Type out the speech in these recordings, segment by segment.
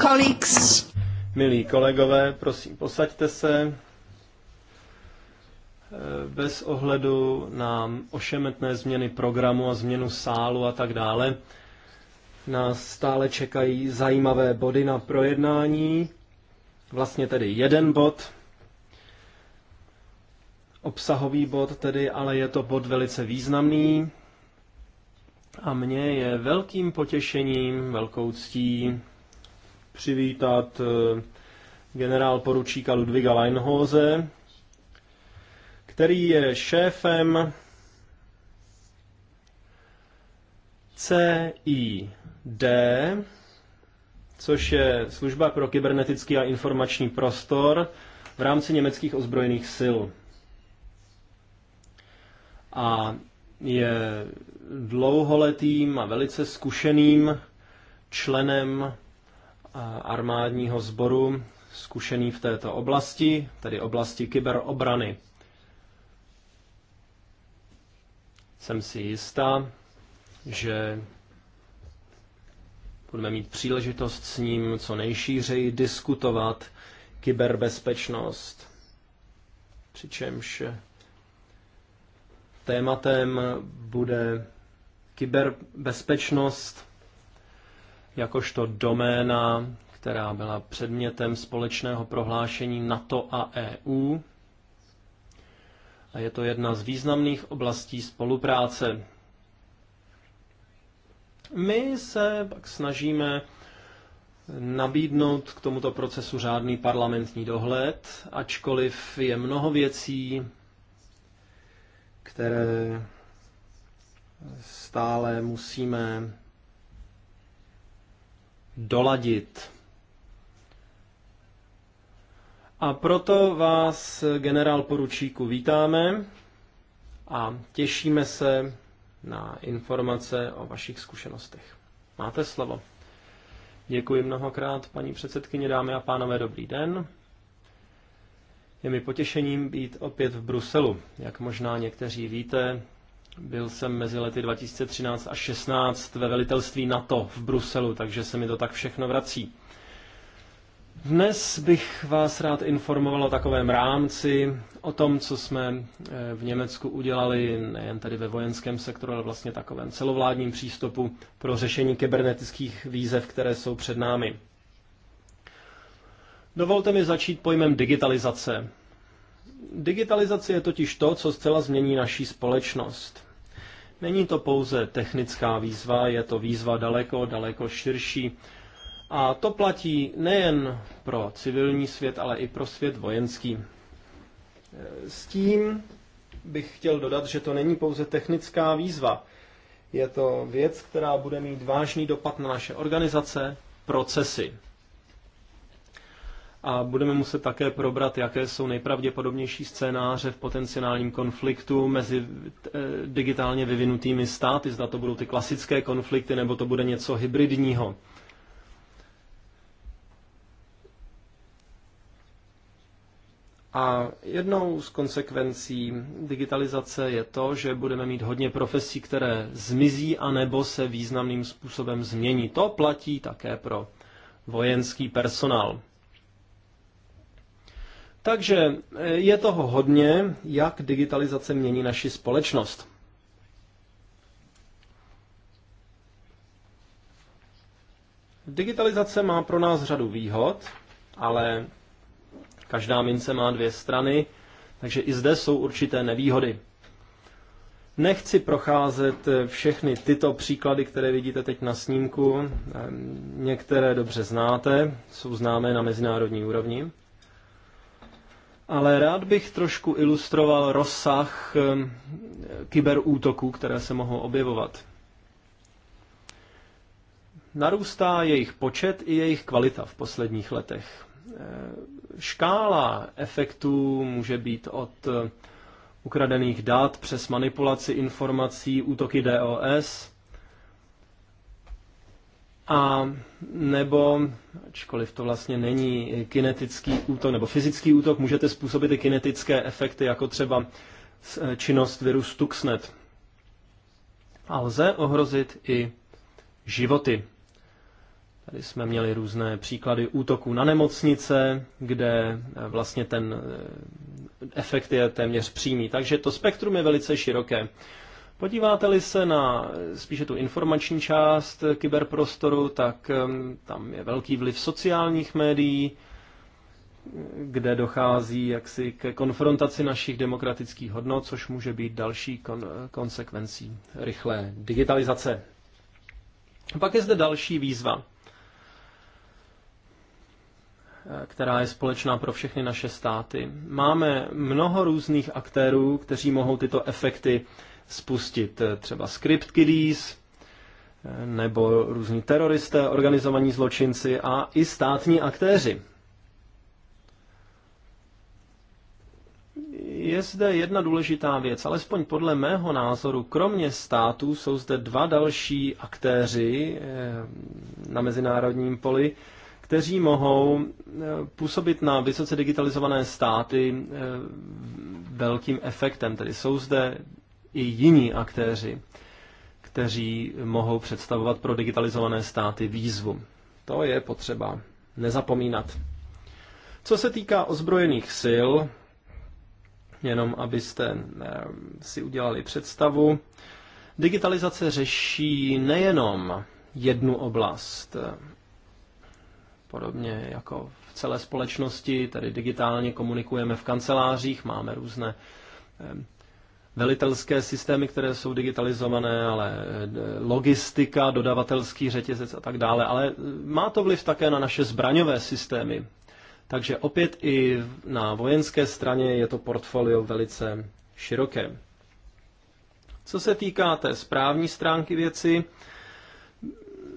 Colleagues. Milí kolegové, prosím, posaďte se. Bez ohledu na ošemetné změny programu a změnu sálu a tak dále, nás stále čekají zajímavé body na projednání. Vlastně tedy jeden bod, obsahový bod tedy, ale je to bod velice významný, a mně je velkým potěšením, velkou ctí přivítat eh, generál poručíka Ludviga Leinhose, který je šéfem CID, což je služba pro kybernetický a informační prostor v rámci německých ozbrojených sil. A je dlouholetým a velice zkušeným členem armádního sboru, zkušený v této oblasti, tedy oblasti kyberobrany. Jsem si jistá, že budeme mít příležitost s ním co nejšířeji diskutovat kyberbezpečnost. Přičemž tématem bude Kyberbezpečnost jakožto doména, která byla předmětem společného prohlášení NATO a EU. A je to jedna z významných oblastí spolupráce. My se pak snažíme nabídnout k tomuto procesu řádný parlamentní dohled, ačkoliv je mnoho věcí, které stále musíme doladit. A proto vás, generál poručíku, vítáme a těšíme se na informace o vašich zkušenostech. Máte slovo. Děkuji mnohokrát, paní předsedkyně, dámy a pánové, dobrý den. Je mi potěšením být opět v Bruselu. Jak možná někteří víte, byl jsem mezi lety 2013 a 16 ve velitelství NATO v Bruselu, takže se mi to tak všechno vrací. Dnes bych vás rád informoval o takovém rámci, o tom, co jsme eh, v Německu udělali, nejen tady ve vojenském sektoru, ale vlastně takovém celovládním přístupu pro řešení kybernetických výzev, které jsou před námi. Dovolte mi začít pojmem digitalizace. Digitalizace je totiž to, co zcela změní naší společnost. Není to pouze technická výzva, je to výzva daleko, daleko širší. A to platí nejen pro civilní svět, ale i pro svět vojenský. E, s tím bych chtěl dodat, že to není pouze technická výzva. Je to věc, která bude mít vážný dopad na naše organizace, procesy a budeme muset také probrat, jaké jsou nejpravděpodobnější scénáře v potenciálním konfliktu mezi eh, digitálně vyvinutými státy, zda to budou ty klasické konflikty nebo to bude něco hybridního. A jednou z konsekvencí digitalizace je to, že budeme mít hodně profesí, které zmizí anebo se významným způsobem změní. To platí také pro vojenský personál. Takže eh, je toho hodně, jak digitalizace mění naši společnost. Digitalizace má pro nás řadu výhod, ale každá mince má dvě strany, takže i zde jsou určité nevýhody. Nechci procházet eh, všechny tyto příklady, které vidíte teď na snímku. Některé dobře znáte, jsou známé na mezinárodní úrovni ale rád bych trošku ilustroval rozsah ehm, kyberútoků, které se mohou objevovat. Narůstá jejich počet i jejich kvalita v posledních letech. Ehm, škála efektů může být od ehm, ukradených dát přes manipulaci informací, útoky DOS, a nebo, ačkoliv to vlastně není kinetický útok nebo fyzický útok, můžete způsobit i kinetické efekty, jako třeba e, činnost viru Stuxnet. A lze ohrozit i životy. Tady jsme měli různé příklady útoků na nemocnice, kde e, vlastně ten e, efekt je téměř přímý. Takže to spektrum je velice široké. Podíváte-li se na spíše tu informační část kyberprostoru, tak tam je velký vliv sociálních médií, kde dochází jaksi ke konfrontaci našich demokratických hodnot, což může být další kon- konsekvencí rychlé digitalizace. Pak je zde další výzva, která je společná pro všechny naše státy. Máme mnoho různých aktérů, kteří mohou tyto efekty spustit eh, třeba Script Kiddies, eh, nebo různí teroristé, organizovaní zločinci a i státní aktéři. Je zde jedna důležitá věc, alespoň podle mého názoru, kromě států jsou zde dva další aktéři eh, na mezinárodním poli, kteří mohou působit na vysoce digitalizované státy velkým efektem. Tedy jsou zde i jiní aktéři, kteří mohou představovat pro digitalizované státy výzvu. To je potřeba nezapomínat. Co se týká ozbrojených sil, jenom abyste eh, si udělali představu, digitalizace řeší nejenom jednu oblast, eh, podobně jako v celé společnosti, tedy digitálně komunikujeme v kancelářích, máme různé eh, velitelské systémy, které jsou digitalizované, ale eh, logistika, dodavatelský řetězec a tak dále. Ale eh, má to vliv také na naše zbraňové systémy. Takže opět i na vojenské straně je to portfolio velice široké. Co se týká té správní stránky věci,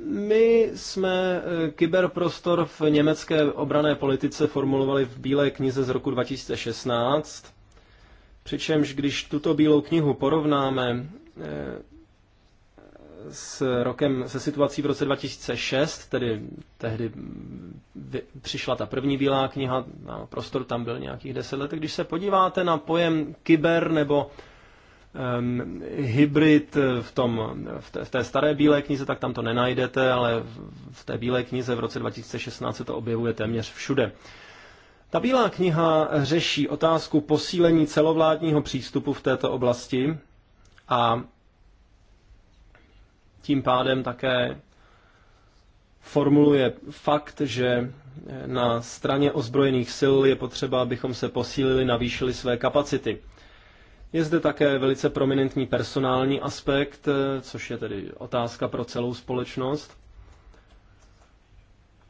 my jsme eh, kyberprostor v německé obrané politice formulovali v Bílé knize z roku 2016 Přičemž když tuto bílou knihu porovnáme eh, s rokem, se situací v roce 2006, tedy tehdy přišla ta první bílá kniha, a prostor tam byl nějakých deset let, když se podíváte na pojem kyber nebo um, hybrid v, tom, v, té, v té staré bílé knize, tak tam to nenajdete, ale v té bílé knize v roce 2016 se to objevuje téměř všude. Uh, ta bílá kniha řeší otázku posílení celovládního přístupu v této oblasti a tím pádem také formuluje fakt, že na straně ozbrojených sil je potřeba, abychom se posílili, navýšili své kapacity. Je zde také velice prominentní personální aspekt, což je tedy otázka pro celou společnost.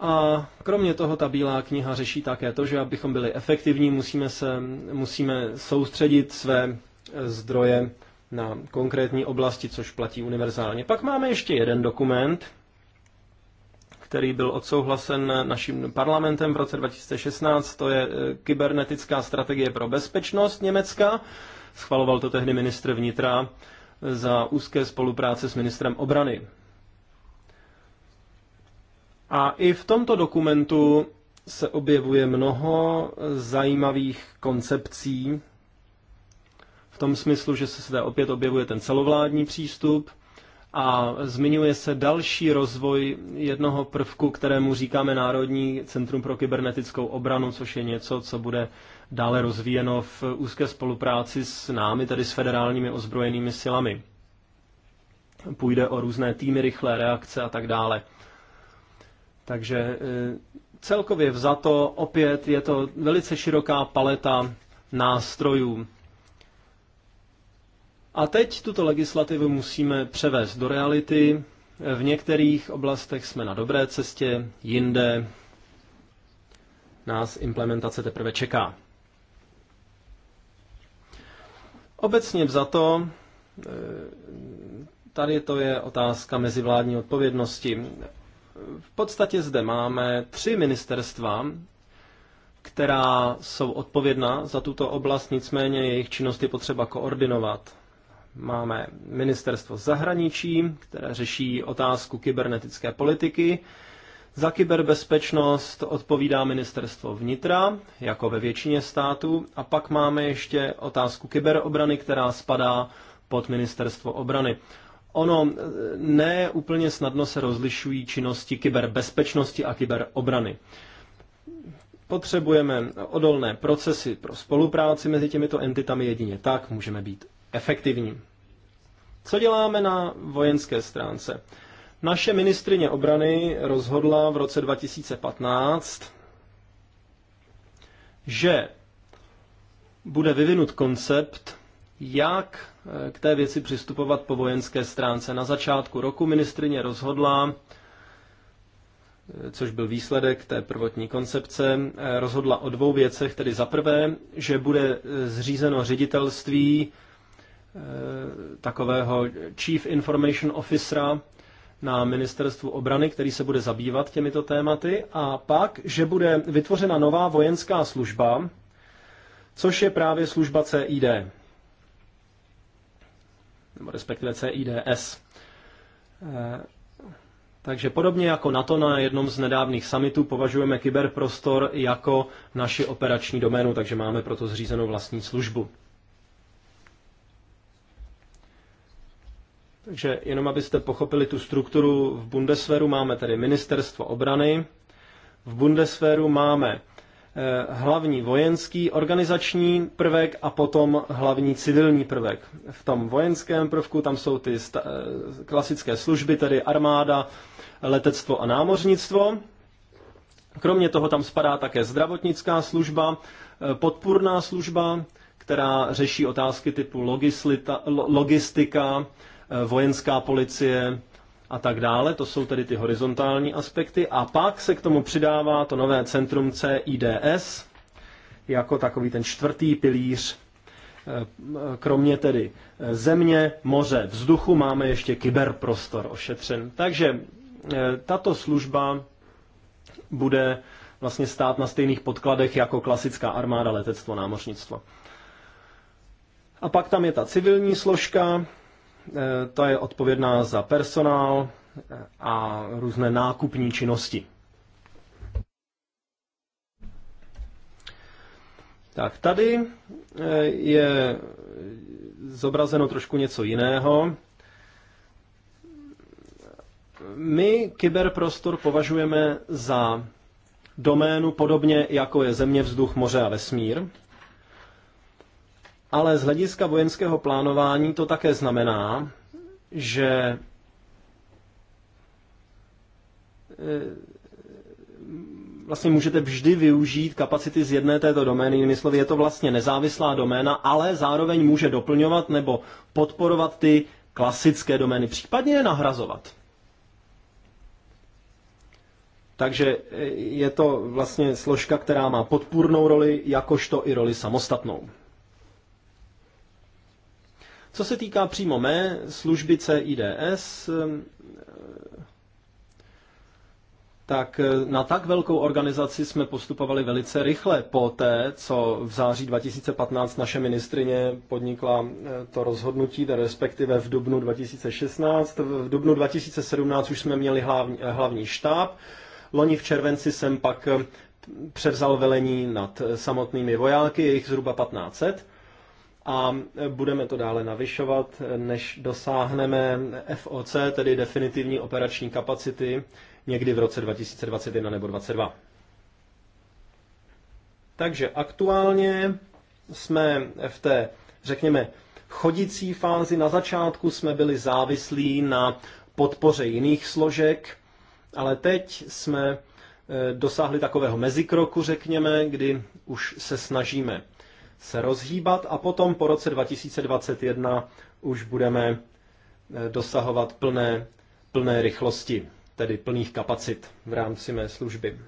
A kromě toho ta bílá kniha řeší také to, že abychom byli efektivní, musíme, se, musíme soustředit své e, zdroje na konkrétní oblasti, což platí univerzálně. Pak máme ještě jeden dokument, který byl odsouhlasen naším parlamentem v roce 2016, to je e, kybernetická strategie pro bezpečnost Německa. Schvaloval to tehdy ministr vnitra za úzké spolupráce s ministrem obrany a i v tomto dokumentu se objevuje mnoho zajímavých koncepcí, v tom smyslu, že se zde opět objevuje ten celovládní přístup a zmiňuje se další rozvoj jednoho prvku, kterému říkáme Národní centrum pro kybernetickou obranu, což je něco, co bude dále rozvíjeno v úzké spolupráci s námi, tedy s federálními ozbrojenými silami. Půjde o různé týmy rychlé reakce a tak dále. Takže e, celkově vzato opět je to velice široká paleta nástrojů. A teď tuto legislativu musíme převést do reality. V některých oblastech jsme na dobré cestě, jinde nás implementace teprve čeká. Obecně vzato, e, tady to je otázka mezivládní odpovědnosti v podstatě zde máme tři ministerstva, která jsou odpovědná za tuto oblast, nicméně jejich činnost je potřeba koordinovat. Máme ministerstvo zahraničí, které řeší otázku kybernetické politiky. Za kyberbezpečnost odpovídá ministerstvo vnitra, jako ve většině států. A pak máme ještě otázku kyberobrany, která spadá pod ministerstvo obrany. Ono eh, ne úplně snadno se rozlišují činnosti kyberbezpečnosti a kyberobrany. Potřebujeme odolné procesy pro spolupráci mezi těmito entitami jedině tak můžeme být efektivní. Co děláme na vojenské stránce? Naše ministrině obrany rozhodla v roce 2015, že bude vyvinut koncept jak eh, k té věci přistupovat po vojenské stránce. Na začátku roku ministrině rozhodla, eh, což byl výsledek té prvotní koncepce, eh, rozhodla o dvou věcech, tedy za prvé, že bude zřízeno ředitelství takového Chief Information Officera na ministerstvu obrany, který se bude zabývat těmito tématy, a pak, že bude vytvořena nová vojenská služba, což je právě služba CID nebo respektive CIDS. Eh, takže podobně jako NATO na jednom z nedávných summitů považujeme kyberprostor jako naši operační doménu, takže máme proto zřízenou vlastní službu. Takže jenom abyste pochopili tu strukturu v Bundeswehru, máme tedy ministerstvo obrany, v Bundeswehru máme Eh, hlavní vojenský organizační prvek a potom hlavní civilní prvek. V tom vojenském prvku tam jsou ty eh, klasické služby, tedy armáda, letectvo a námořnictvo. Kromě toho tam spadá také zdravotnická služba, eh, podpůrná služba, která řeší otázky typu logistika, vojenská policie, a tak dále. To jsou tedy ty horizontální aspekty. A pak se k tomu přidává to nové centrum CIDS, jako takový ten čtvrtý pilíř. E, kromě tedy e, země, moře, vzduchu máme ještě kyberprostor ošetřen. Takže e, tato služba bude vlastně stát na stejných podkladech jako klasická armáda letectvo námořnictvo. A pak tam je ta civilní složka, Eh, ta je odpovědná za personál eh, a různé nákupní činnosti. Tak tady eh, je zobrazeno trošku něco jiného. My kyberprostor považujeme za doménu podobně jako je země, vzduch, moře a vesmír ale z hlediska vojenského plánování to také znamená, že eh, vlastně můžete vždy využít kapacity z jedné této domény, jinými slovy je to vlastně nezávislá doména, ale zároveň může doplňovat nebo podporovat ty klasické domény, případně je nahrazovat. Takže eh, je to vlastně složka, která má podpůrnou roli, jakožto i roli samostatnou. Co se týká přímo mé služby CIDS, ehm, tak eh, na tak velkou organizaci jsme postupovali velice rychle po té, co v září 2015 naše ministrině podnikla eh, to rozhodnutí, respektive v dubnu 2016. V dubnu 2017 už jsme měli hlavní, eh, hlavní štáb. Loni v červenci jsem pak převzal velení nad samotnými vojáky, jejich zhruba 1500 a budeme to dále navyšovat, než dosáhneme FOC, tedy definitivní operační kapacity, někdy v roce 2021 nebo 2022. Takže aktuálně jsme v té, řekněme, chodící fázi. Na začátku jsme byli závislí na podpoře jiných složek, ale teď jsme eh, dosáhli takového mezikroku, řekněme, kdy už se snažíme se rozhýbat a potom po roce 2021 už budeme eh, dosahovat plné, plné rychlosti, tedy plných kapacit v rámci mé služby.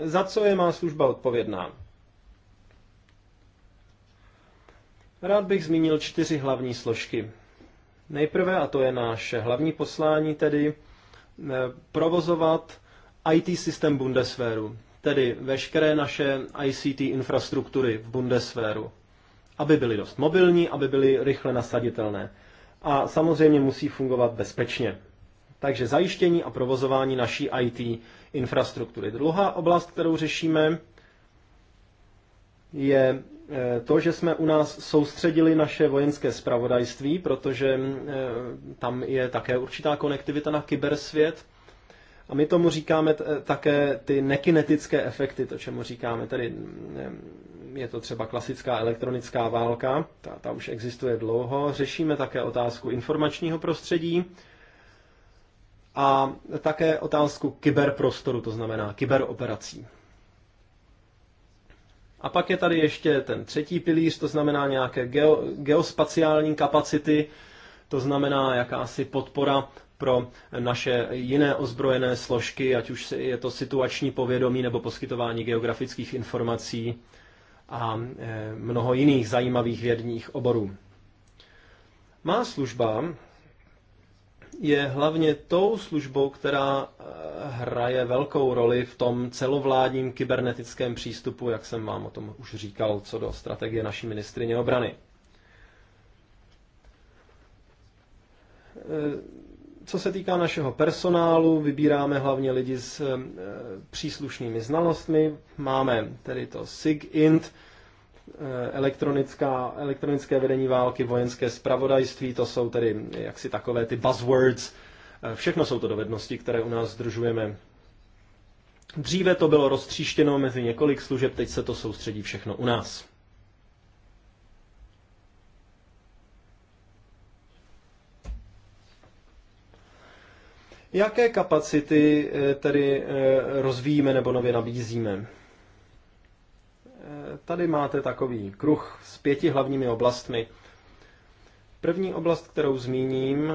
Za co je má služba odpovědná? Rád bych zmínil čtyři hlavní složky. Nejprve, a to je naše hlavní poslání, tedy eh, provozovat IT systém Bundeswehru, tedy veškeré naše ICT infrastruktury v Bundeswehru aby byly dost mobilní, aby byly rychle nasaditelné. A samozřejmě musí fungovat bezpečně. Takže zajištění a provozování naší IT infrastruktury. Druhá oblast, kterou řešíme, je eh, to, že jsme u nás soustředili naše vojenské spravodajství, protože eh, tam je také určitá konektivita na kybersvět a my tomu říkáme také ty nekinetické efekty, to čemu říkáme, tedy mm, mm, je to třeba klasická elektronická válka, ta, ta už existuje dlouho. Řešíme také otázku informačního prostředí a také otázku kyberprostoru, to znamená kyberoperací. A pak je tady ještě ten třetí pilíř, to znamená nějaké geo, geospaciální kapacity, to znamená jakási podpora pro naše jiné ozbrojené složky, ať už je to situační povědomí nebo poskytování geografických informací a e, mnoho jiných zajímavých vědních oborů. Má služba je hlavně tou službou, která e, hraje velkou roli v tom celovládním kybernetickém přístupu, jak jsem vám o tom už říkal, co do strategie naší ministrině obrany. E, co se týká našeho personálu, vybíráme hlavně lidi s eh, příslušnými znalostmi. Máme tedy to SIGINT, eh, elektronická, elektronické vedení války, vojenské spravodajství, to jsou tedy jaksi takové ty buzzwords. Eh, všechno jsou to dovednosti, které u nás zdržujeme. Dříve to bylo roztříštěno mezi několik služeb, teď se to soustředí všechno u nás. Jaké kapacity eh, tedy eh, rozvíjíme nebo nově nabízíme? Eh, tady máte takový kruh s pěti hlavními oblastmi. První oblast, kterou zmíním,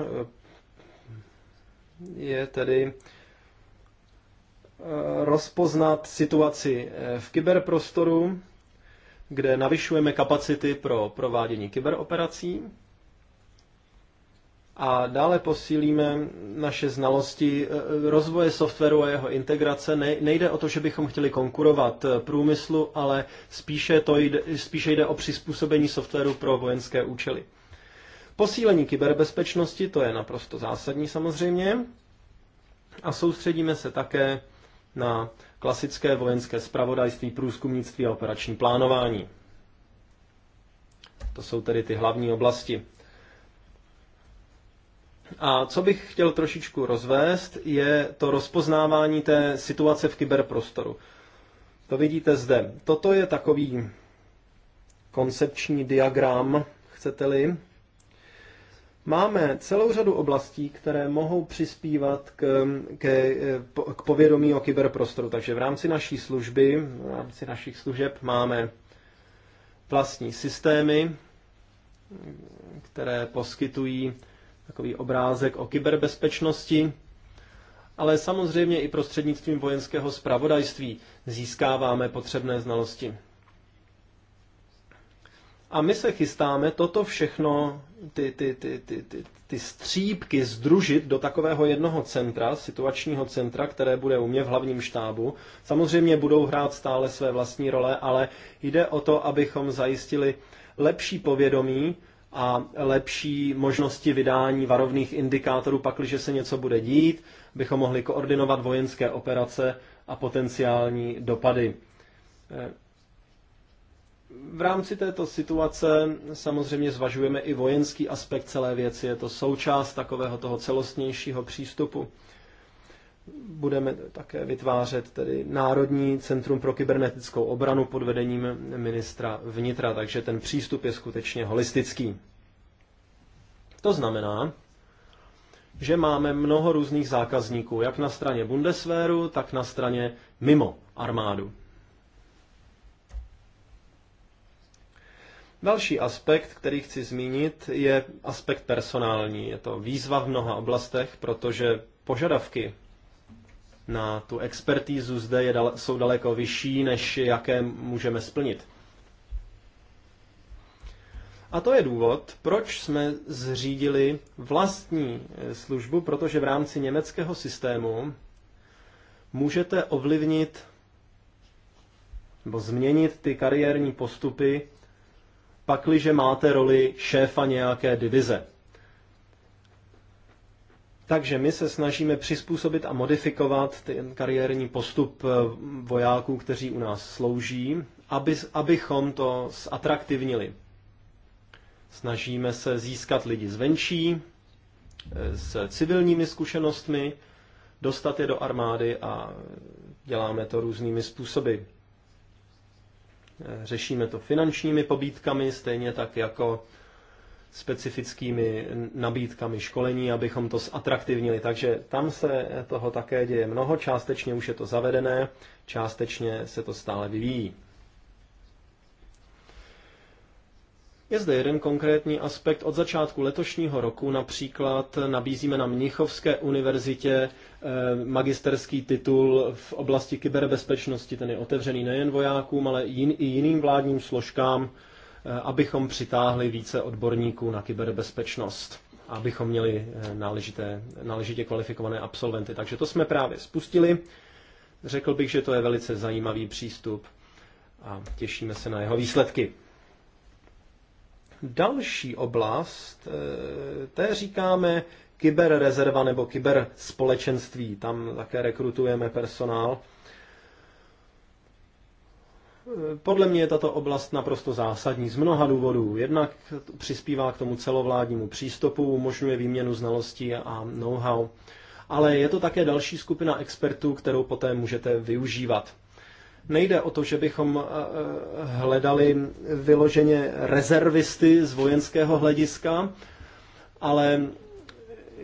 je tedy rozpoznat situaci v kyberprostoru, kde navyšujeme kapacity pro provádění kyberoperací a dále posílíme naše znalosti eh, rozvoje softwaru a jeho integrace. Ne, nejde o to, že bychom chtěli konkurovat eh, průmyslu, ale spíše, to jde, spíše jde o přizpůsobení softwaru pro vojenské účely. Posílení kyberbezpečnosti, to je naprosto zásadní samozřejmě. A soustředíme se také na klasické vojenské spravodajství, průzkumnictví a operační plánování. To jsou tedy ty hlavní oblasti. A co bych chtěl trošičku rozvést, je to rozpoznávání té situace v kyberprostoru. To vidíte zde. Toto je takový koncepční diagram, chcete-li. Máme celou řadu oblastí, které mohou přispívat k, k, k povědomí o kyberprostoru. Takže v rámci naší služby, v rámci našich služeb máme vlastní systémy, které poskytují takový obrázek o kyberbezpečnosti, ale samozřejmě i prostřednictvím vojenského zpravodajství získáváme potřebné znalosti. A my se chystáme toto všechno, ty, ty, ty, ty, ty, ty střípky, združit do takového jednoho centra, situačního centra, které bude u mě v hlavním štábu. Samozřejmě budou hrát stále své vlastní role, ale jde o to, abychom zajistili lepší povědomí a lepší možnosti vydání varovných indikátorů, pakliže se něco bude dít, bychom mohli koordinovat vojenské operace a potenciální dopady. V rámci této situace samozřejmě zvažujeme i vojenský aspekt celé věci. Je to součást takového toho celostnějšího přístupu budeme také vytvářet tedy Národní centrum pro kybernetickou obranu pod vedením ministra vnitra, takže ten přístup je skutečně holistický. To znamená, že máme mnoho různých zákazníků, jak na straně Bundeswehru, tak na straně mimo armádu. Další aspekt, který chci zmínit, je aspekt personální. Je to výzva v mnoha oblastech, protože požadavky na tu expertízu zde je, jsou daleko vyšší, než jaké můžeme splnit. A to je důvod, proč jsme zřídili vlastní eh, službu, protože v rámci německého systému můžete ovlivnit nebo změnit ty kariérní postupy, pakliže máte roli šéfa nějaké divize. Takže my se snažíme přizpůsobit a modifikovat ten kariérní postup eh, vojáků, kteří u nás slouží, aby, abychom to zatraktivnili. Snažíme se získat lidi zvenčí, eh, s civilními zkušenostmi, dostat je do armády a děláme to různými způsoby. Eh, řešíme to finančními pobídkami, stejně tak jako specifickými nabídkami školení, abychom to zatraktivnili. Takže tam se toho také děje mnoho, částečně už je to zavedené, částečně se to stále vyvíjí. Je zde jeden konkrétní aspekt. Od začátku letošního roku například nabízíme na Mnichovské univerzitě eh, magisterský titul v oblasti kyberbezpečnosti. Ten je otevřený nejen vojákům, ale i jiným vládním složkám, Eh, abychom přitáhli více odborníků na kyberbezpečnost, abychom měli eh, náležité, náležitě kvalifikované absolventy. Takže to jsme právě spustili. Řekl bych, že to je velice zajímavý přístup a těšíme se na jeho výsledky. Další oblast, eh, té říkáme kyberrezerva nebo kyberspolečenství. Tam také rekrutujeme personál podle mě je tato oblast naprosto zásadní z mnoha důvodů. Jednak přispívá k tomu celovládnímu přístupu, umožňuje výměnu znalostí a know-how, ale je to také další skupina expertů, kterou poté můžete využívat. Nejde o to, že bychom eh, eh, hledali vyloženě rezervisty z vojenského hlediska, ale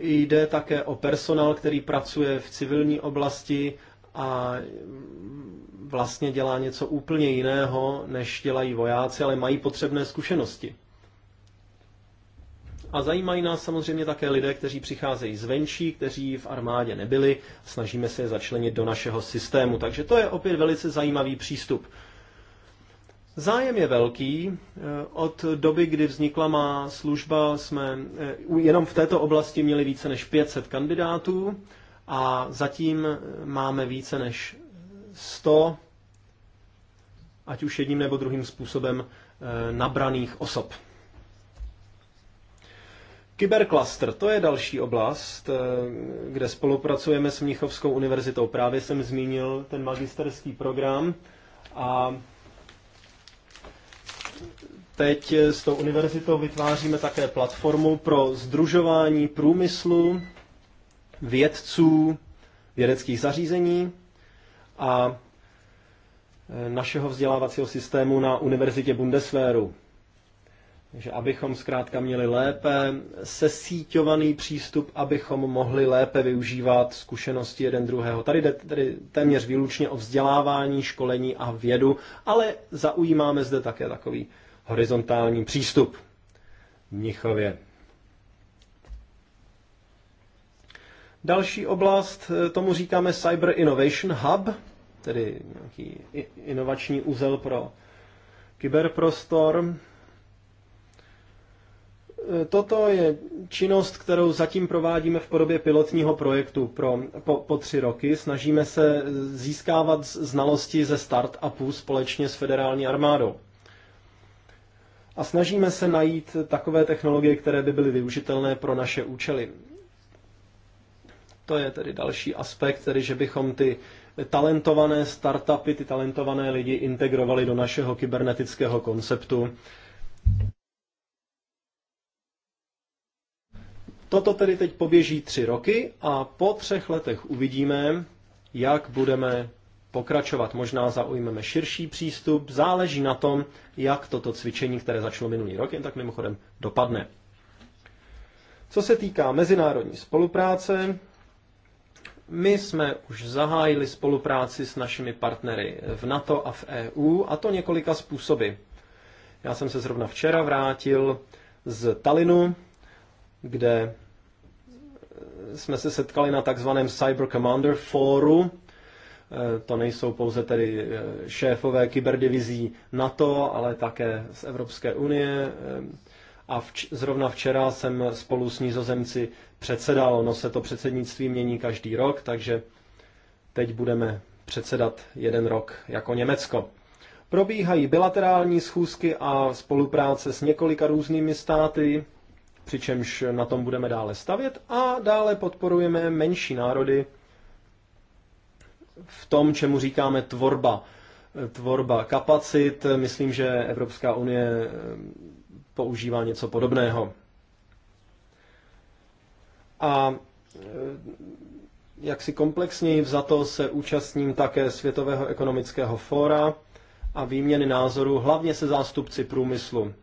jde také o personál, který pracuje v civilní oblasti, a vlastně dělá něco úplně jiného, než dělají vojáci, ale mají potřebné zkušenosti. A zajímají nás samozřejmě také lidé, kteří přicházejí zvenčí, kteří v armádě nebyli, snažíme se je začlenit do našeho systému. Takže to je opět velice zajímavý přístup. Zájem je velký. Od doby, kdy vznikla má služba, jsme eh, jenom v této oblasti měli více než 500 kandidátů a zatím máme více než 100, ať už jedním nebo druhým způsobem, eh, nabraných osob. Kyberklaster, to je další oblast, eh, kde spolupracujeme s Mnichovskou univerzitou. Právě jsem zmínil ten magisterský program a teď s tou univerzitou vytváříme také platformu pro združování průmyslu vědců, vědeckých zařízení a e, našeho vzdělávacího systému na Univerzitě Bundeswehru. Takže abychom zkrátka měli lépe sesíťovaný přístup, abychom mohli lépe využívat zkušenosti jeden druhého. Tady jde tady téměř výlučně o vzdělávání, školení a vědu, ale zaujímáme zde také takový horizontální přístup. Mnichově. Další oblast, eh, tomu říkáme Cyber Innovation Hub, tedy nějaký inovační úzel pro kyberprostor. Eh, toto je činnost, kterou zatím provádíme v podobě pilotního projektu pro, po, po tři roky. Snažíme se získávat znalosti ze start-upů společně s federální armádou. A snažíme se najít takové technologie, které by byly využitelné pro naše účely. To je tedy další aspekt, tedy že bychom ty talentované startupy, ty talentované lidi integrovali do našeho kybernetického konceptu. Toto tedy teď poběží tři roky a po třech letech uvidíme, jak budeme pokračovat. Možná zaujmeme širší přístup, záleží na tom, jak toto cvičení, které začalo minulý rok, jen tak mimochodem dopadne. Co se týká mezinárodní spolupráce, my jsme už zahájili spolupráci s našimi partnery v NATO a v EU, a to několika způsoby. Já jsem se zrovna včera vrátil z Talinu, kde jsme se setkali na takzvaném Cyber Commander Fóru. E, to nejsou pouze tedy e, šéfové kyberdivizí NATO, ale také z Evropské unie, e, a vč- zrovna včera jsem spolu s nizozemci předsedal. Ono se to předsednictví mění každý rok, takže teď budeme předsedat jeden rok jako Německo. Probíhají bilaterální schůzky a spolupráce s několika různými státy, přičemž na tom budeme dále stavět a dále podporujeme menší národy v tom, čemu říkáme tvorba. Tvorba kapacit, myslím, že Evropská unie používá něco podobného. A e, jak si komplexněji vzato se účastním také Světového ekonomického fóra a výměny názorů, hlavně se zástupci průmyslu.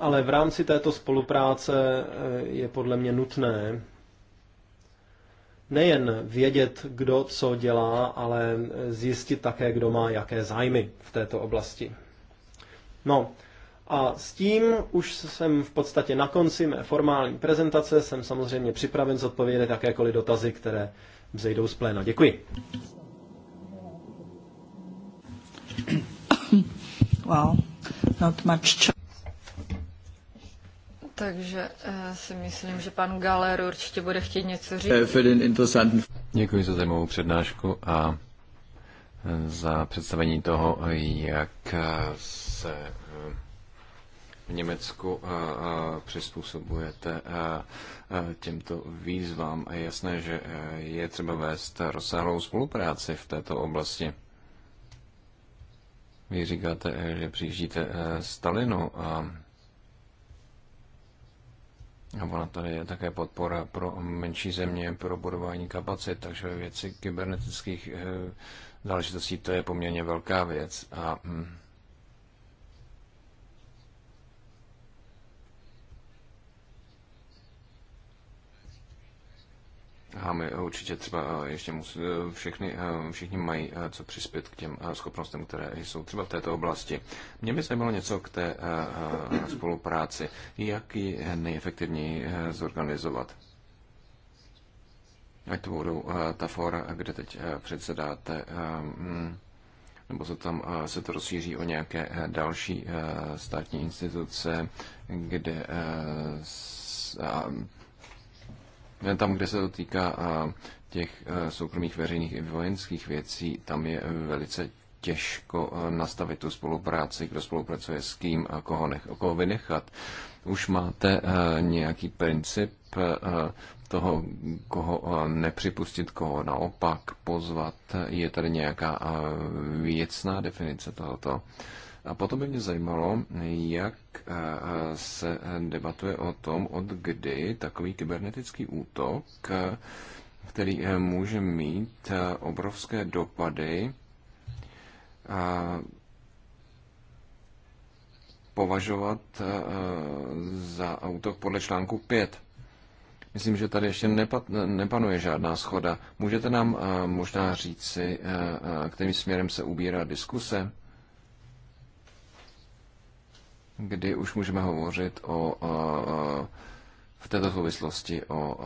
Ale v rámci této spolupráce e, je podle mě nutné nejen vědět, kdo co dělá, ale zjistit také, kdo má jaké zájmy v této oblasti. No a s tím už jsem v podstatě na konci mé formální prezentace. Jsem samozřejmě připraven zodpovědět jakékoliv dotazy, které vzejdou z pléna. Děkuji. Wow, not much. Takže eh, si myslím, že pan Galer určitě bude chtít něco říct. Eh, Děkuji za zajímavou přednášku a za představení toho, jak se eh, v Německu eh, eh, přizpůsobujete těmto výzvám. Je jasné, že je třeba vést rozsáhlou spolupráci v této oblasti. Vy říkáte, že přijíždíte Stalinu a a ona tady je také podpora pro menší země, pro budování kapacit, takže věci kybernetických záležitostí, to je poměrně velká věc. A, hm, A my určitě třeba eh, ještě musí, eh, všechny, eh, všichni mají co přispět k těm schopnostem, které jsou třeba v této oblasti. Mě by zajímalo něco k té spolupráci. Jak ji nejefektivněji zorganizovat? ať to budou eh, ta fora, kde teď eh, předsedáte, eh, hm, nebo se tam se to rozšíří o nějaké další státní instituce, kde tam, kde se to týká těch soukromých veřejných i vojenských věcí, tam je velice těžko nastavit tu spolupráci, kdo spolupracuje s kým a koho, nech, koho vynechat. Už máte nějaký princip toho, koho eh, nepřipustit, koho naopak pozvat. Je tady nějaká eh, věcná definice tohoto. A potom by mě zajímalo, jak eh, se debatuje o tom, od kdy takový kybernetický útok, který může mít obrovské dopady, považovat za útok podle článku 5. Myslím, že tady ještě nepanuje žádná schoda. Můžete nám eh, možná říci, eh, eh, kterým směrem se ubírá diskuse? Kdy už můžeme hovořit o, v této souvislosti o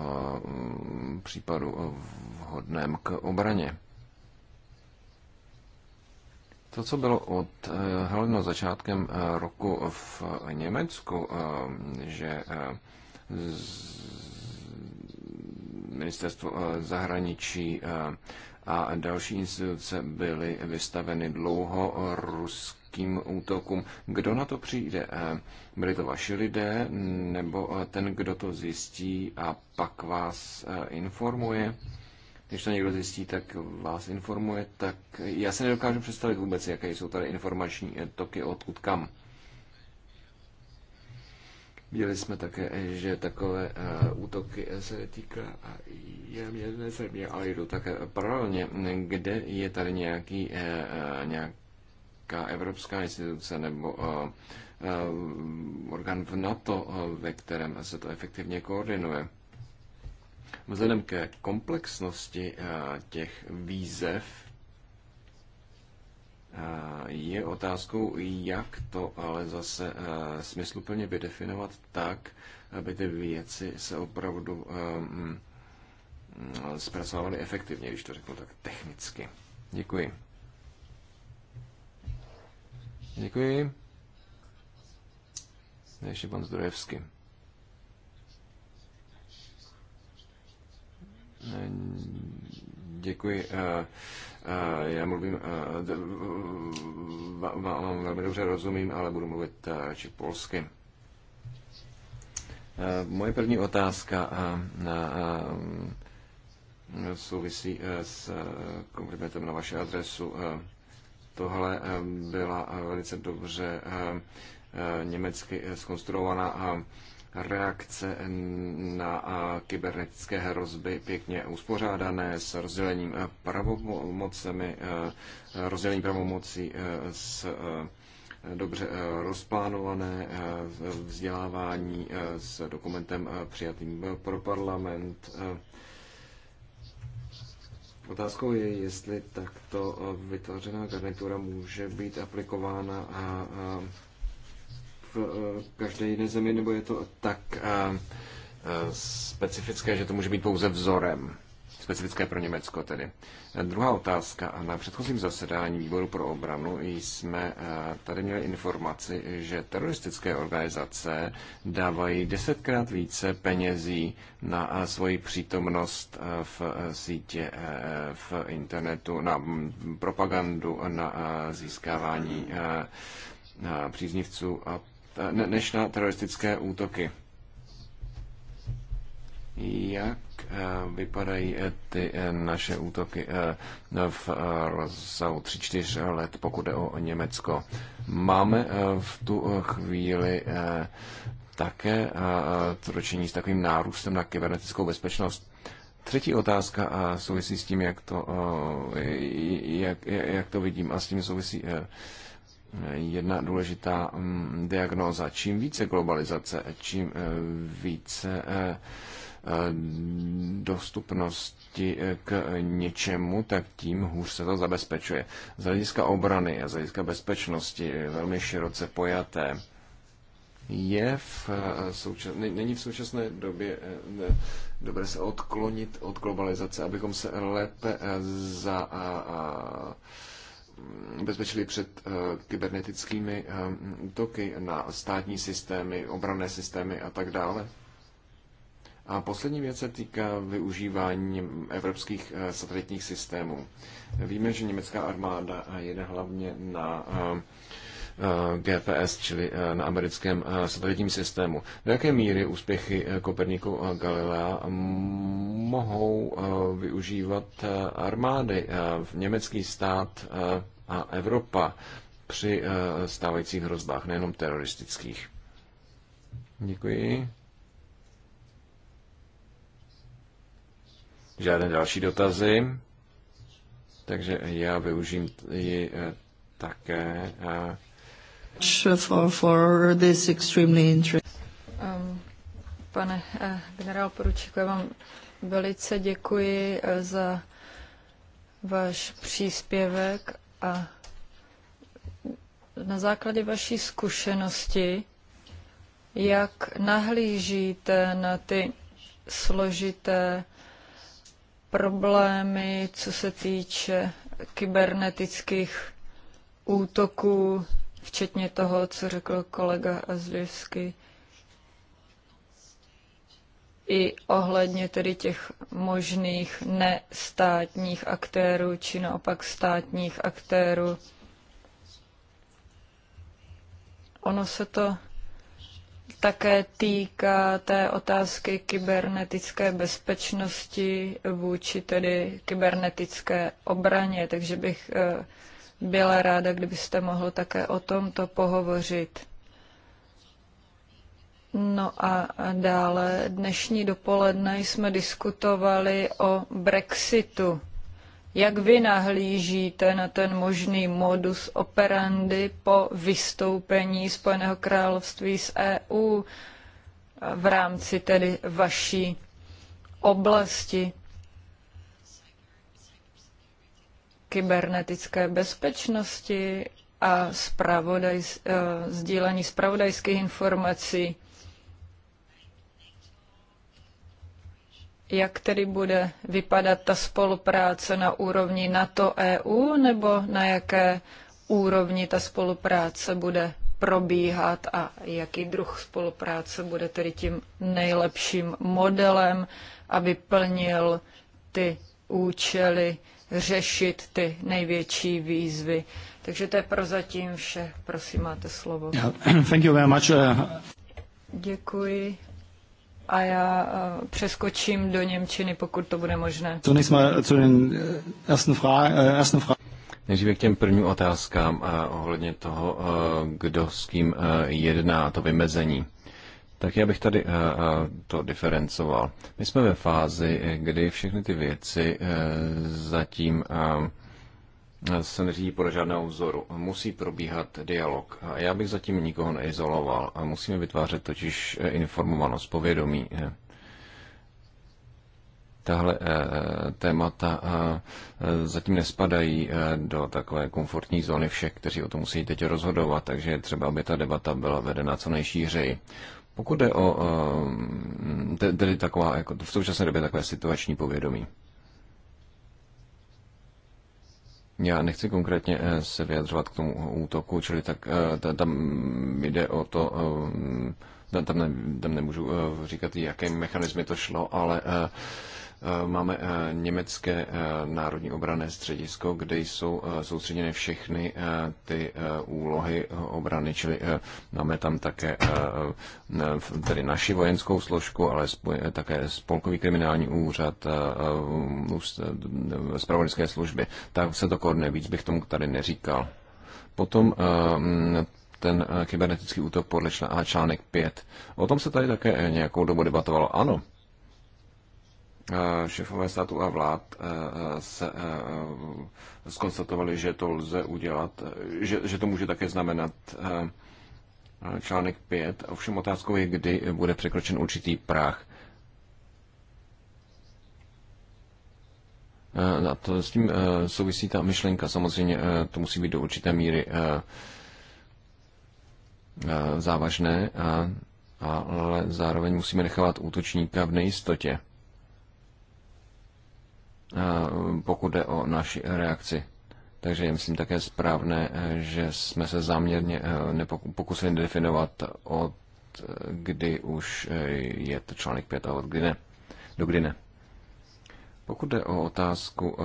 případu vhodném k obraně? To, co bylo od hlavně začátkem roku v Německu, že ministerstvo eh, zahraničí eh, a další instituce byly vystaveny dlouho ruským útokům. Kdo na to přijde? Eh, byli to vaši lidé nebo ten, kdo to zjistí a pak vás informuje? když to někdo zjistí, tak vás informuje, tak já se nedokážu představit vůbec, jaké jsou tady informační toky, odkud kam. Viděli jsme také, že takové eh, útoky eh, se týká jenom jedné země, ale jdu také paralelně, kde je tady nějaký, eh, nějaká evropská instituce nebo orgán v NATO, ve kterém se to efektivně koordinuje. Vzhledem ke komplexnosti těch výzev, je otázkou, jak to ale zase eh, smysluplně vydefinovat tak, aby ty věci se opravdu eh, mm, zpracovaly efektivně, když to řeknu tak technicky. Děkuji. Děkuji. Ještě pan Zdrojevský. Eh, děkuji. Eh, já mluvím, eh, vám velmi dobře rozumím, ale budu mluvit eh, či polsky. Moje první otázka souvisí s komplimentem na vaši adresu. Tohle byla velice dobře německy skonstruovaná reakce na kybernetické hrozby pěkně uspořádané s rozdělením e, pravomocemi, e, rozdělením pravomocí e, s dobře rozplánované vzdělávání s dokumentem přijatým pro parlament. Otázkou je, jestli takto vytvořená garnitura může být aplikována a v eh, každé jiné zemi, nebo je to tak eh, eh, specifické, že to může být pouze vzorem? Specifické pro Německo tedy. Druhá otázka. Na předchozím zasedání výboru pro obranu jsme tady měli informaci, že teroristické organizace dávají desetkrát více penězí na svoji přítomnost v sítě, v internetu, na mm, propagandu, na získávání příznivců a než na teroristické útoky. Jak eh, vypadají eh, ty eh, naše útoky v rozsahu 3-4 let, pokud jde o Německo? Máme v tu chvíli také ročení s takovým nárůstem na kybernetickou bezpečnost. Třetí otázka a souvisí s tím, jak to, jak, jak to vidím a s tím souvisí jedna důležitá mm, diagnóza. Čím více globalizace, čím eh, více eh, dostupnosti eh, k něčemu, tak tím hůř se to zabezpečuje. Z hlediska obrany a z hlediska bezpečnosti velmi široce pojaté je v současné, není v současné době ne, dobré se odklonit od globalizace, abychom se lépe za a, a, bezpečili před eh, kybernetickými eh, útoky na státní systémy, obranné systémy a tak dále. A poslední věc se týká využívání evropských eh, satelitních systémů. Víme, že německá armáda jede hlavně na Eh, GPS, čili eh, na americkém eh, satelitním systému. Do jaké míry úspěchy Koperníku a Galilea mohou využívat armády v německý stát a Evropa při stávajících hrozbách, nejenom teroristických? Děkuji. Žádné další dotazy, takže já využím ji také for, for this extremely interesting. Ehm, pane eh, generál poručíku, já vám velice děkuji eh, za váš příspěvek a na základě vaší zkušenosti, jak nahlížíte na ty složité problémy, co se týče kybernetických útoků včetně toho, co řekl kolega Azvěvsky, i ohledně tedy těch možných nestátních aktérů či naopak státních aktérů. Ono se to také týká té otázky kybernetické bezpečnosti vůči tedy kybernetické obraně, takže bych eh, byla ráda, kdybyste mohl také o tomto pohovořit. No a dále dnešní dopoledne jsme diskutovali o Brexitu. Jak vy nahlížíte na ten možný modus operandi po vystoupení Spojeného království z EU v rámci tedy vaší oblasti? kybernetické bezpečnosti a spravodaj, eh, sdílení spravodajských informací. Jak tedy bude vypadat ta spolupráce na úrovni NATO-EU nebo na jaké úrovni ta spolupráce bude probíhat a jaký druh spolupráce bude tedy tím nejlepším modelem, aby plnil ty účely, řešit ty největší výzvy. Takže to je prozatím vše. Prosím, máte slovo. Thank you very much. Uh, Děkuji. A já uh, přeskočím do Němčiny, pokud to bude možné. Než mal uh, Nejdříve k těm prvním otázkám ohledně toho, kdo s kým jedná, to vymezení. Tak já bych tady eh, eh, to diferencoval. My jsme ve fázi, kdy všechny ty věci eh, zatím se neřídí podle žádného vzoru. Musí probíhat dialog. A já bych zatím nikoho neizoloval. musíme vytvářet totiž informovanost, povědomí. Tahle témata zatím nespadají do takové komfortní zóny všech, kteří o tom musí teď rozhodovat, takže třeba, aby ta debata byla vedena co nejšířeji. Pokud jde o ehm, tedy taková, jako v současné době takové situační povědomí. Já nechci konkrétně eh, se vyjadřovat k tomu útoku, čili tak eh, tam jde o to, ehm, tam, ne, tam nemůžu eh, říkat, jaké mechanizmy to šlo, ale Eh, máme eh, německé eh, národní obrané středisko, kde jsou soustředěny všechny ty úlohy obrany, čili máme tam také tedy naši vojenskou složku, ale také spolkový kriminální úřad, zpravodajské služby. Tak se to koordinuje, víc bych tomu tady neříkal. Potom ten kybernetický útok podle článek 5. O tom se tady také nějakou dobu debatovalo. Ano, Eh, šéfové států a vlád eh, eh, se skonstatovali, že to lze udělat, že, že to může také znamenat článek 5. Ovšem otázkou je, kdy bude překročen určitý práh. A to s tím souvisí ta myšlenka. Samozřejmě to musí být do určité míry závažné, ale zároveň musíme nechávat útočníka v nejistotě. Eh, pokud jde o naši reakci. Takže je myslím také správné, eh, že jsme se záměrně eh, pokusili definovat od kdy už je to článek 5 a od kdy ne. Do kdy ne. Pokud jde o otázku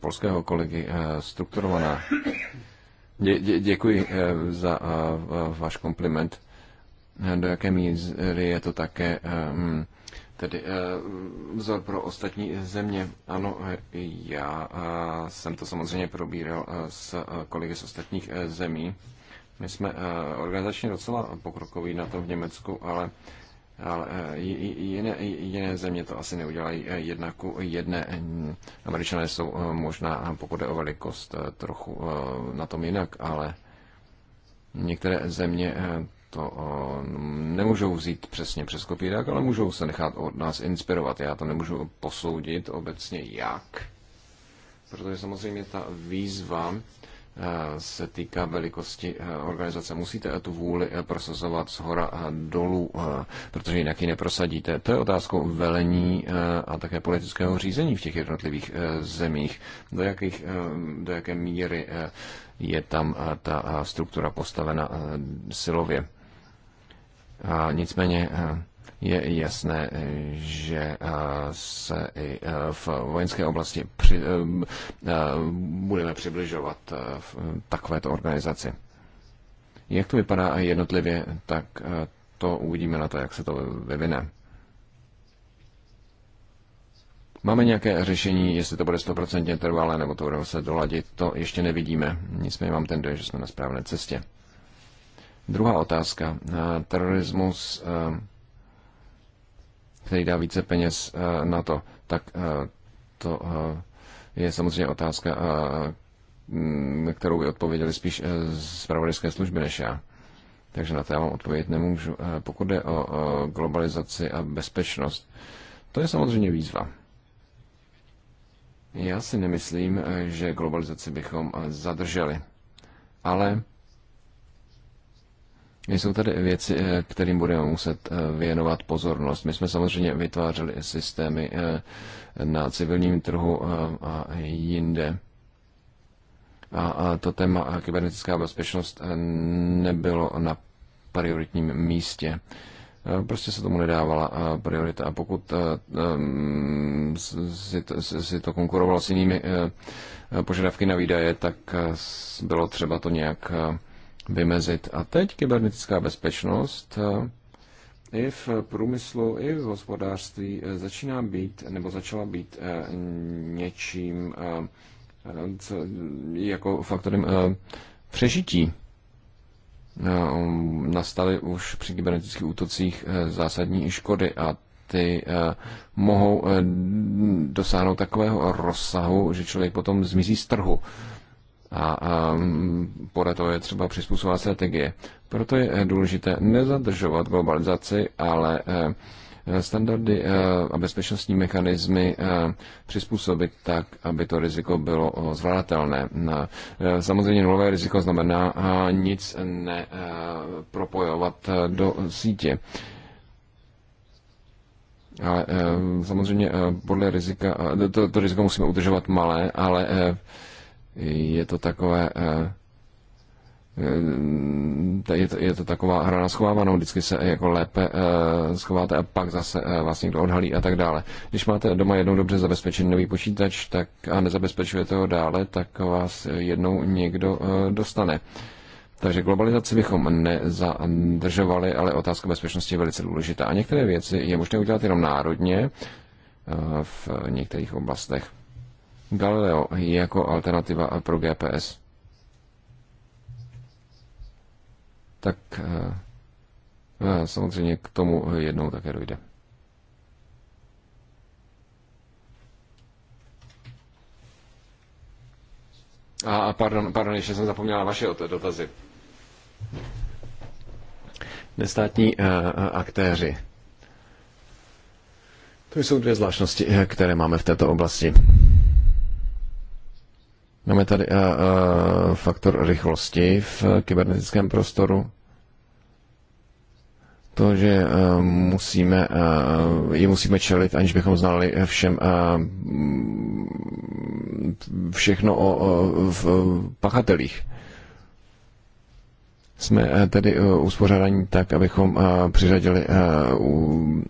polského kolegy strukturovaná, dě, dě, děkuji za váš kompliment. Do jaké míry je to také tedy eh, vzor pro ostatní země. Ano, já eh, jsem to samozřejmě probíral eh, s kolegy z ostatních zemí. My jsme organizačně docela pokrokoví na tom v Německu, ale ale jiné, jiné země to asi neudělají jednaku jedné. Mm, Američané jsou možná, pokud je o velikost, trochu na tom jinak, ale některé země to eh, nemůžou vzít přesně přes kopírák, ale můžou se nechat od nás inspirovat. Já to nemůžu posoudit obecně jak, protože samozřejmě ta výzva eh, se týká velikosti eh, organizace. Musíte tu vůli prosazovat z hora dolů, protože jinak ji neprosadíte. To je otázkou velení a také politického řízení v těch jednotlivých zemích. Do, jakých, do jaké míry je tam ta struktura postavena silově. A nicméně eh, je jasné, eh, že eh, se i v vojenské oblasti při, budeme přibližovat v takovéto organizaci. Jak to vypadá jednotlivě, tak to uvidíme na to, jak se to vyvine. Máme nějaké řešení, jestli to bude stoprocentně trvalé, nebo to bude se doladit, to ještě nevidíme. Nicméně mám ten dojem, že jsme na správné cestě. Druhá otázka. Eh, terorismus, eh, který dá více peněz eh, na to, tak to je samozřejmě otázka, kterou by odpověděli spíš zpravodajské služby než já. Takže na to já vám odpovědět nemůžu. Pokud jde o globalizaci a bezpečnost, to je samozřejmě výzva. Já si nemyslím, že globalizaci bychom zadrželi. Ale jsou tady věci, eh, kterým budeme muset eh, věnovat pozornost. My jsme samozřejmě vytvářeli systémy eh, na civilním trhu a jinde. A to téma kybernetická bezpečnost nebylo na prioritním místě. Prostě se tomu nedávala priorita. A pokud si to konkurovalo s jinými požadavky na výdaje, tak bylo třeba to nějak vymezit. A teď kybernetická bezpečnost i v průmyslu, i v hospodářství eh, začíná být, nebo začala být eh, něčím eh, jako faktorem přežití. Nastaly už při kybernetických útocích zásadní škody a ty mohou dosáhnout takového rozsahu, že člověk potom zmizí z trhu a, a mm, podle toho je třeba přizpůsobovat strategie. Proto je eh, důležité nezadržovat globalizaci, ale eh, standardy eh, a bezpečnostní mechanismy přizpůsobit tak, aby to riziko bylo zvládatelné. Samozřejmě nulové riziko znamená nic nepropojovat do sítě. Ale samozřejmě podle rizika, to, to riziko musíme udržovat malé, ale je to takové eh, eh, je to, je to taková hra na schovávanou, vždycky se jako lépe uh, schováte a pak zase uh, vás někdo odhalí a tak dále. Když máte doma jednou dobře zabezpečený nový počítač tak a nezabezpečujete ho dále, tak vás jednou někdo dostane. Takže globalizaci bychom nezadržovali, ale otázka bezpečnosti je velice důležitá. A některé věci je možné udělat jenom národně v některých oblastech. Galileo jako alternativa pro GPS, tak eh, eh, samozřejmě k tomu jednou také dojde. A pardon, pardon, ještě jsem zapomněla vaše dotazy. Nestátní uh, aktéři. To jsou dvě zvláštnosti, které máme v této oblasti. Máme tady uh, uh, faktor rychlosti v eh, kybernetickém prostoru. To, že uh, musíme, uh, je musíme čelit, aniž bychom znali všem uh, všechno o, o v, pachatelích. Jsme tedy uspořádaní tak, abychom přiřadili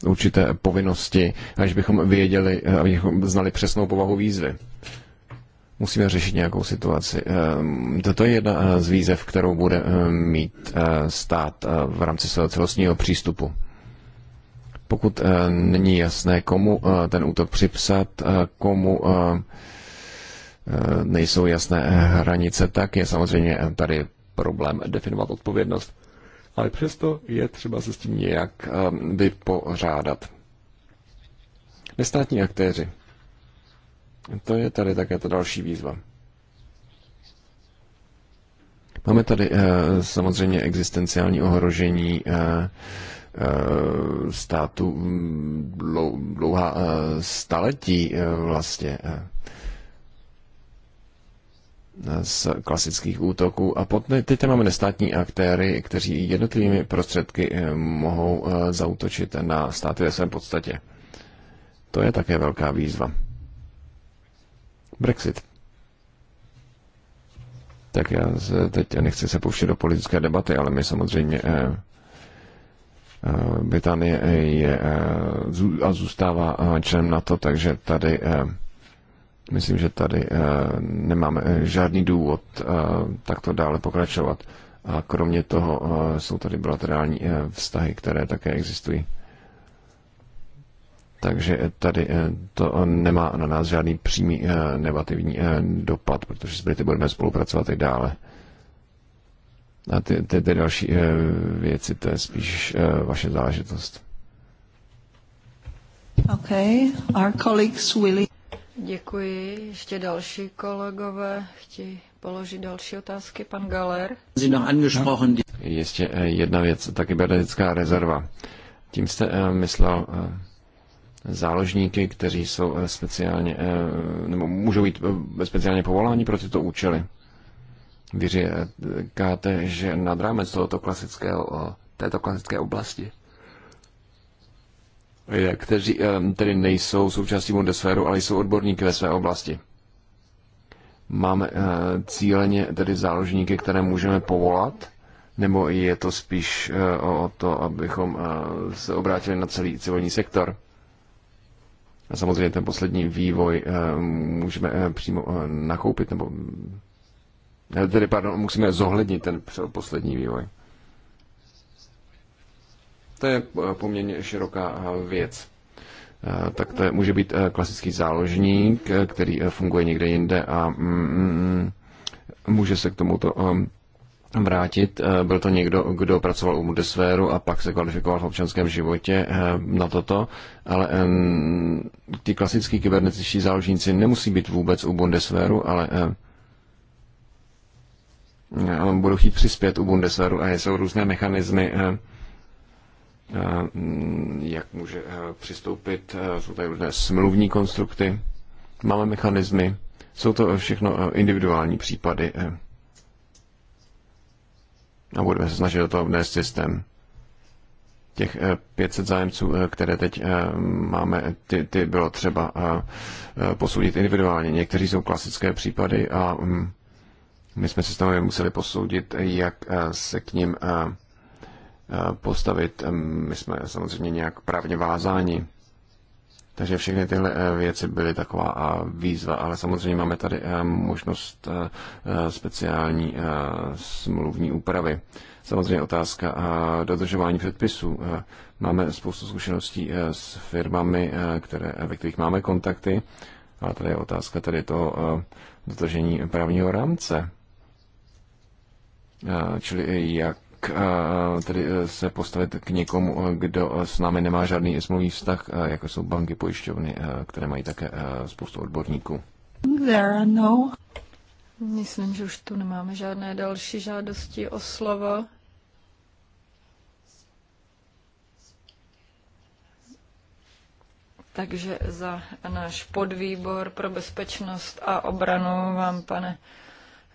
určité povinnosti, aniž bychom věděli, abychom znali přesnou povahu výzvy musíme řešit nějakou situaci. Ehm, toto je jedna eh, z výzev, kterou bude eh, mít eh, stát v rámci svého celostního přístupu. Pokud není jasné, komu ten útok připsat, komu nejsou jasné hranice, tak je samozřejmě tady problém definovat odpovědnost. Ale přesto je třeba se s tím nějak vypořádat. Nestátní aktéři to je tady také ta další výzva. Máme tady eh, samozřejmě existenciální ohrožení eh, eh, státu mm, dlouhá staletí vlastně z klasických útoků. A potom teď máme nestátní aktéry, kteří jednotlivými prostředky mohou zautočit na státy ve svém podstatě. To je také velká výzva. Brexit. Tak já teď nechci se pouštět do politické debaty, ale my samozřejmě eh, eh, Británie je eh, a zůstává členem NATO, takže tady myslím, že tady nemáme žádný důvod takto dále pokračovat. A kromě toho jsou tady bilaterální vztahy, které také existují. Takže eh, tady eh, to eh, nemá na nás žádný přímý negativní dopad, protože s Brity budeme spolupracovat i dále. A ty, ty, ty další věci, to je spíš vaše záležitost. Okay. Our colleagues will... Děkuji. Ještě další kolegové chtějí položit další otázky. Pan Galer. Ještě jedna věc, taky berlická rezerva. Tím jste myslel záložníky, kteří jsou eh, speciálně, eh, nebo můžou být eh, speciálně povoláni pro tyto účely. Vy říkáte, že nad rámec tohoto klasického, této klasické oblasti, kteří tedy nejsou součástí Bundesféru, ale jsou odborníky ve své oblasti. Máme cíleně tedy záložníky, které můžeme povolat, nebo je to spíš o to, abychom se obrátili na celý civilní sektor? A samozřejmě ten poslední vývoj eh, můžeme eh, přímo eh, nakoupit, nebo tedy, pardon, musíme zohlednit ten poslední vývoj. To je poměrně široká věc. Tak to může být klasický záložník, který funguje někde jinde a mm, mm, mm, může se k tomuto vrátit. Eh, byl to někdo, kdo pracoval u Bundeswehru a pak se kvalifikoval v občanském životě eh, na toto, ale ty klasický kybernetičtí záložníci nemusí být vůbec u Bundesféru, eh, ale budou chtít přispět u Bundesféru a jsou různé mechanismy, jak může přistoupit, jsou tady různé smluvní konstrukty, máme mechanismy, jsou to všechno individuální případy a budeme se snažit do toho vnést systém. Těch 500 eh, zájemců, eh, které teď eh, máme, ty, ty bylo třeba posoudit individuálně. Někteří jsou klasické případy a mm, my jsme si museli posoudit, jak se k ním postavit. My jsme samozřejmě nějak právně vázáni takže všechny tyhle eh, věci byly taková eh, výzva, ale samozřejmě máme tady eh, možnost speciální smluvní úpravy. Samozřejmě otázka dodržování předpisů. Máme spoustu zkušeností s firmami, které, ve kterých máme kontakty, ale tady je otázka tady toho dodržení právního rámce. Čili jak Eh, tedy eh, se postavit k někomu, eh, kdo s námi nemá žádný smluvní vztah, jako jsou banky, pojišťovny, které mají také spoustu odborníků. There no. Myslím, že už tu nemáme žádné další žádosti o slovo. Takže za náš podvýbor pro bezpečnost a obranu vám, pane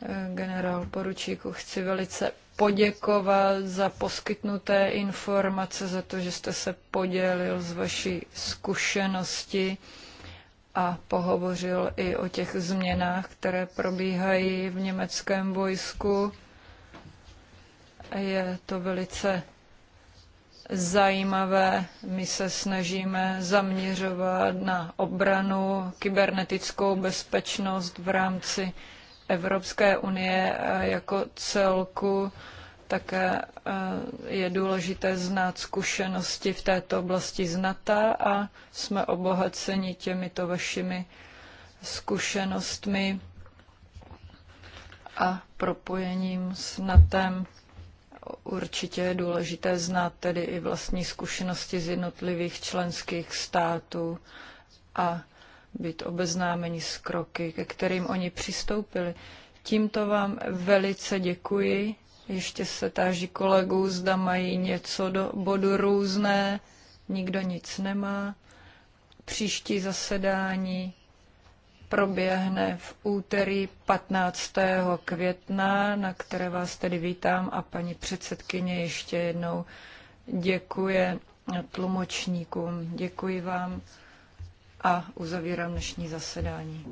Eh, generál poručíku, chci velice poděkovat za poskytnuté informace, za to, že jste se podělil z vaší zkušenosti a pohovořil i o těch změnách, které probíhají v německém vojsku. Je to velice zajímavé. My se snažíme zaměřovat na obranu, kybernetickou bezpečnost v rámci Evropské unie eh, jako celku také eh, je důležité znát zkušenosti v této oblasti znata a jsme obohaceni těmito vašimi zkušenostmi a propojením s NATem. Určitě je důležité znát tedy i vlastní zkušenosti z jednotlivých členských států a být obeznámeni s kroky, ke kterým oni přistoupili. Tímto vám velice děkuji. Ještě se táží kolegů, zda mají něco do bodu různé. Nikdo nic nemá. Příští zasedání proběhne v úterý 15. května, na které vás tedy vítám a paní předsedkyně ještě jednou děkuje tlumočníkům. Děkuji vám a uzavírám dnešní zasedání.